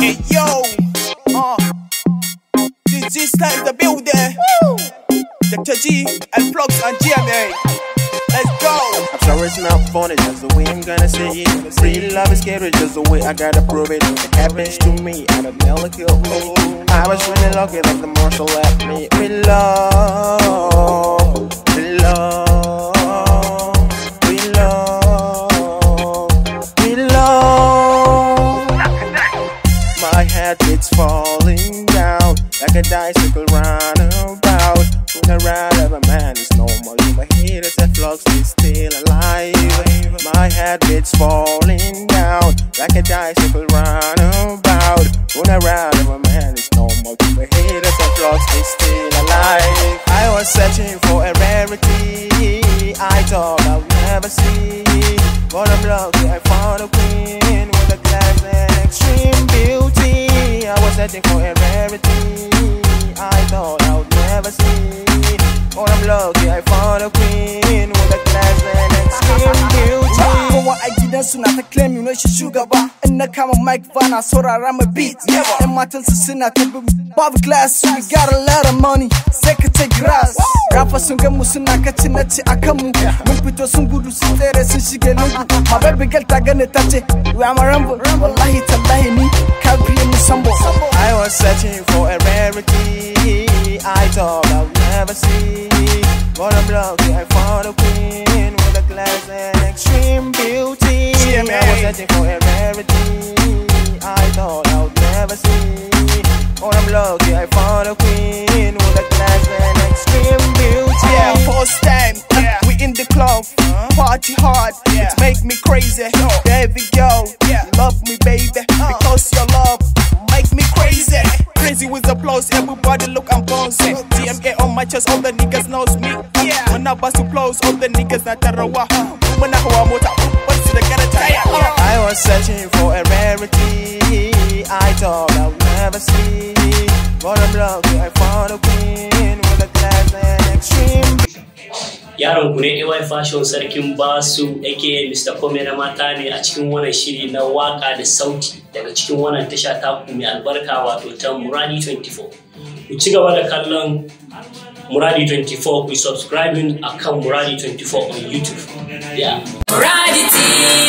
Hey yo, uh, this is like the building. Woo! Dr. G and Plugs and GMA. Let's go. I'm sorry it's not funny, just the way I'm gonna say it. Real love is scary, just the way I gotta prove it. It happens to me, I don't know, like I was really lucky that the marshal left me. We love. it's falling down like a bicycle roundabout. When the ride of a man is normal, you my haters that flux is still alive. My head it's falling down like a bicycle roundabout. When the ride of a man is normal, you my haters that flux is still alive. I was searching for a rarity I thought I would never see, but I'm lucky I found a queen. setting for a rarity I thought I would never see Oh, I'm lucky I found a queen With a class and skin beauty Kowa a gidansu na ta claim you know shi shugaba In na kama mic saw na I'm a beat Yan matansu suna ta babu class We got a lot of money sai ka ce grass Rafa sun gan mu suna kaci na ci akan mu Mun fito sun gudu sun tsere sun shige lungu My baby girl ta gane ta ce we am a rumble Wallahi tallahi ni I was searching for a rarity I thought I would never see. But I'm lucky I found a queen with a glass and extreme beauty. I was searching for a rarity I thought I would never see. But I'm lucky I found a queen with a glass and extreme beauty. Yeah, first time yeah. we in the club, uh-huh. party hard, yeah. it make me crazy. There we go, yeah. love me baby. I'm bouncing. TMA on my chest, all the niggas knows me. Yeah. When I bust to close, all the niggas not tarawa. When I go mota, what's the gonna tire? I was searching for a rarity. I thought I would never see. But I'm lucky I found a queen with a class and extreme. yaron ku ne AY Fashion Sarkin Basu aka Mr. Kome na mata ne a cikin wannan shiri na waka da sauti daga cikin wannan tasha taku mai albarka wato ta Murani 24. ku ci gaba da kallon Muradi 24 ku subscribing akan Muradi 24 on YouTube. Yeah. Muradi TV.